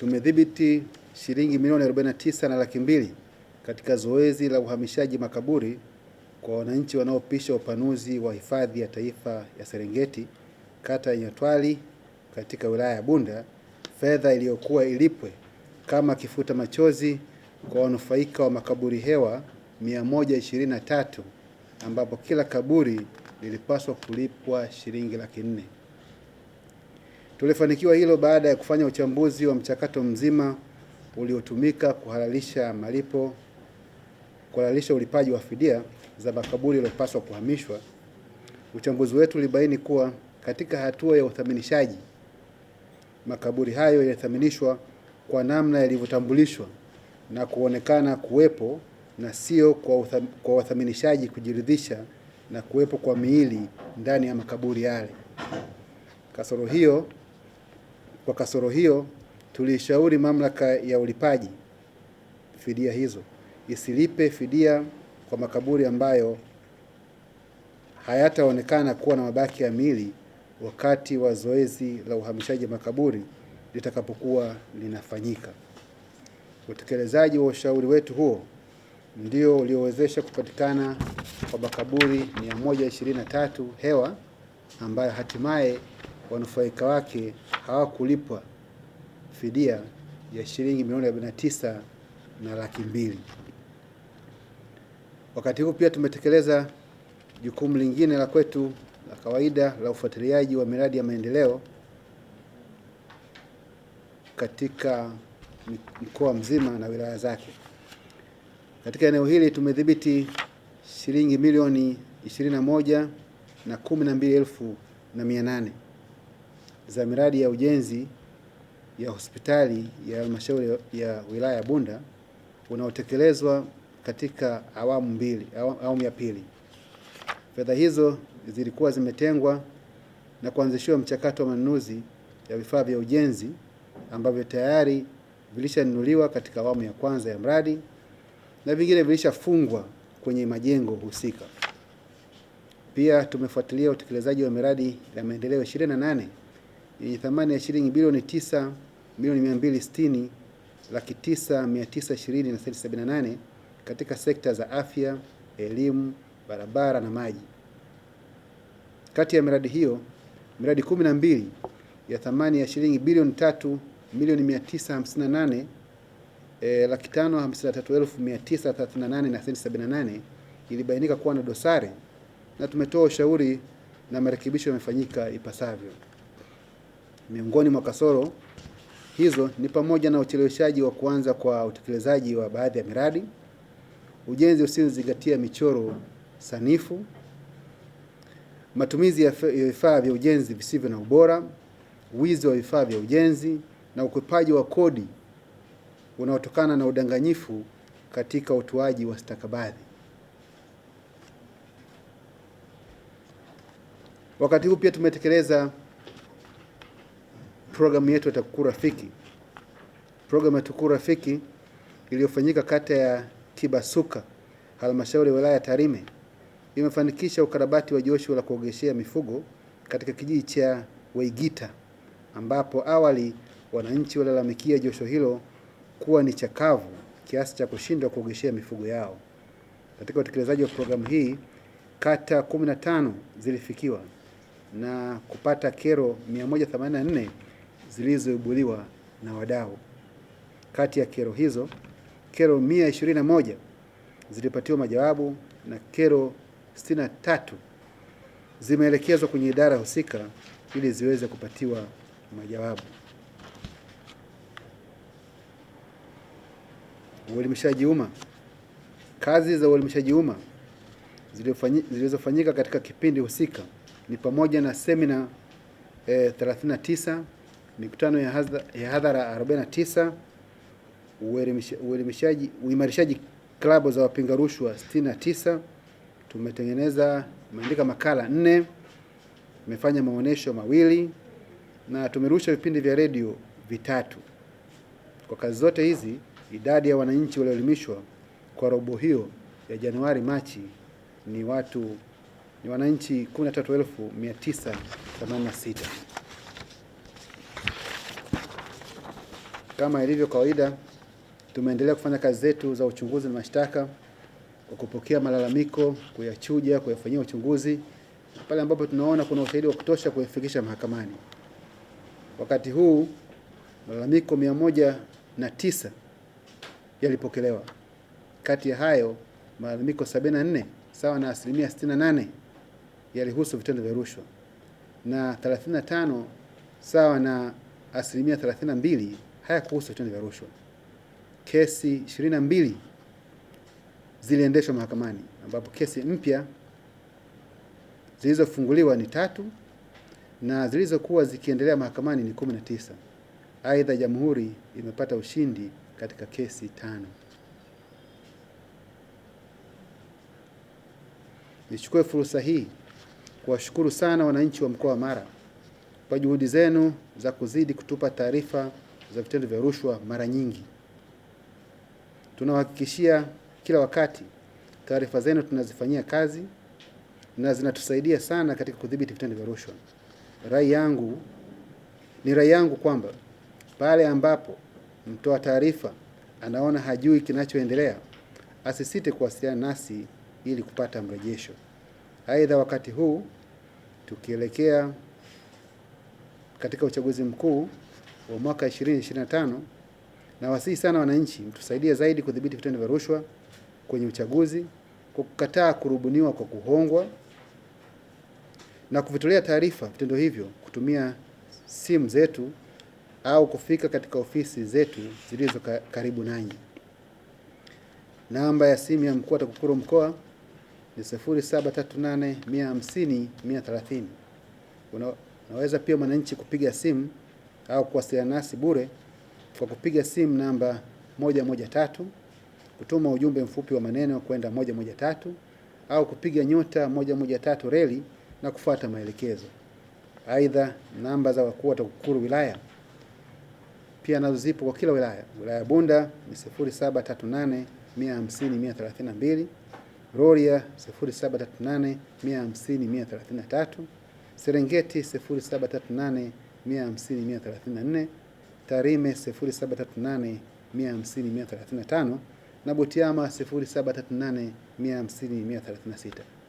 tumedhibiti shilingi milioni 49 na laki mbili katika zoezi la uhamishaji makaburi kwa wananchi wanaopisha upanuzi wa hifadhi ya taifa ya Serengeti kata ya Nyatwali katika wilaya ya Bunda, fedha iliyokuwa ilipwe kama kifuta machozi kwa wanufaika wa makaburi hewa 123 ambapo kila kaburi lilipaswa kulipwa shilingi laki nne. Tulifanikiwa hilo baada ya kufanya uchambuzi wa mchakato mzima uliotumika kuhalalisha malipo, kuhalalisha ulipaji wa fidia za makaburi yaliyopaswa kuhamishwa. Uchambuzi wetu ulibaini kuwa katika hatua ya uthaminishaji, makaburi hayo yalithaminishwa kwa namna yalivyotambulishwa na kuonekana kuwepo na sio kwa wathaminishaji kujiridhisha na kuwepo kwa miili ndani ya makaburi yale. Kasoro hiyo kwa kasoro hiyo, tulishauri mamlaka ya ulipaji fidia hizo isilipe fidia kwa makaburi ambayo hayataonekana kuwa na mabaki ya miili wakati wa zoezi la uhamishaji makaburi litakapokuwa linafanyika. Utekelezaji wa ushauri wetu huo ndio uliowezesha kupatikana kwa makaburi 123 hewa ambayo hatimaye wanufaika wake hawakulipwa fidia ya shilingi milioni arobaini na tisa na laki mbili. Wakati huu pia tumetekeleza jukumu lingine la kwetu la kawaida la ufuatiliaji wa miradi ya maendeleo katika mkoa mzima na wilaya zake. Katika eneo hili tumedhibiti shilingi milioni 21 na kumi na mbili elfu na mia nane za miradi ya ujenzi ya hospitali ya halmashauri ya wilaya ya Bunda unaotekelezwa katika awamu mbili, awamu ya pili. Fedha hizo zilikuwa zimetengwa na kuanzishiwa mchakato wa manunuzi ya vifaa vya ujenzi ambavyo tayari vilishanunuliwa katika awamu ya kwanza ya mradi na vingine vilishafungwa kwenye majengo husika. Pia tumefuatilia utekelezaji wa miradi ya maendeleo yenye thamani ya shilingi bilioni tisa milioni 260 laki tisa na senti katika sekta za afya, elimu, barabara na maji. Kati ya miradi hiyo, miradi kumi na mbili ya thamani ya shilingi bilioni 3 milioni 958 E, laki tano hamsini na tatu elfu mia tisa thelathini na nane na senti sabini na nane ilibainika kuwa na dosari na tumetoa ushauri na marekebisho yamefanyika ipasavyo. Miongoni mwa kasoro hizo ni pamoja na ucheleweshaji wa kuanza kwa utekelezaji wa baadhi ya miradi, ujenzi usiozingatia michoro sanifu, matumizi ya vifaa vya ujenzi visivyo na ubora, wizi wa vifaa vya ujenzi na ukwepaji wa kodi unaotokana na udanganyifu katika utoaji wa stakabadhi. Wakati huu pia tumetekeleza programu yetu ya TAKUKURU Rafiki, programu ya TAKUKURU Rafiki iliyofanyika kata ya Kibasuka, halmashauri ya wilaya ya Tarime, imefanikisha ukarabati wa josho la kuogeshea mifugo katika kijiji cha Waigita, ambapo awali wananchi walalamikia josho hilo kuwa ni chakavu kiasi cha kushindwa kuogeshea mifugo yao. Katika utekelezaji wa programu hii, kata 15 zilifikiwa na kupata kero 184 zilizoibuliwa na wadau. Kati ya kero hizo, kero 121 zilipatiwa majawabu na kero 63 zimeelekezwa kwenye idara husika ili ziweze kupatiwa majawabu. Uelimishaji umma. Kazi za uelimishaji umma zilizofanyika katika kipindi husika ni pamoja na semina eh, 39 mikutano ya hadhara 49, uelimishaji, uimarishaji klabu za wapinga rushwa 69. Tumetengeneza, tumeandika makala nne, tumefanya maonyesho mawili na tumerusha vipindi vya redio vitatu. Kwa kazi zote hizi, idadi ya wananchi walioelimishwa kwa robo hiyo ya Januari Machi ni watu ni wananchi 13986. Kama ilivyo kawaida, tumeendelea kufanya kazi zetu za uchunguzi na mashtaka kwa kupokea malalamiko, kuyachuja, kuyafanyia uchunguzi pale ambapo tunaona kuna ushahidi wa kutosha kuyafikisha mahakamani. Wakati huu malalamiko mia moja na tisa yalipokelewa. Kati ya hayo malalamiko 74 sawa na asilimia 68 yalihusu vitendo vya rushwa na 35 sawa na asilimia 32 kuhusu vitendo vya rushwa. Kesi 22 ziliendeshwa mahakamani ambapo kesi mpya zilizofunguliwa ni tatu na zilizokuwa zikiendelea mahakamani ni 19. Aidha, jamhuri imepata ushindi katika kesi tano. Nichukue fursa hii kuwashukuru sana wananchi wa mkoa wa Mara kwa juhudi zenu za kuzidi kutupa taarifa za vitendo vya rushwa mara nyingi. Tunawahakikishia kila wakati taarifa zenu tunazifanyia kazi na zinatusaidia sana katika kudhibiti vitendo vya rushwa. Rai yangu ni rai yangu kwamba pale ambapo mtoa taarifa anaona hajui kinachoendelea asisite kuwasiliana nasi ili kupata mrejesho. Aidha, wakati huu tukielekea katika uchaguzi mkuu wa mwaka 2025 na sana wananchi mtusaidie zaidi kudhibiti vitendo vya rushwa kwenye uchaguzi kwa kukataa kurubuniwa kwa kuhongwa na kuvitolea taarifa vitendo hivyo kutumia simu zetu au kufika katika ofisi zetu zilizo karibu nanyi. Namba ya simu ya mkuu wa TAKUKURU mkoa ni 0738150130. Unaweza pia mwananchi kupiga simu au kuwasiliana nasi bure kwa kupiga simu namba tatu kutuma ujumbe mfupi wa maneno kwenda tatu au kupiga nyota tatu reli na kufuata maelekezo. Aidha, namba za wakuu wa TAKUKURU wilaya pia nazo zipo kwa kila wilaya. Wilaya ya Bunda ni 0738 150 132, Rorya 0738 150 133, Serengeti 0738 150134, Tarime 0738 150 na Butiama 0738 150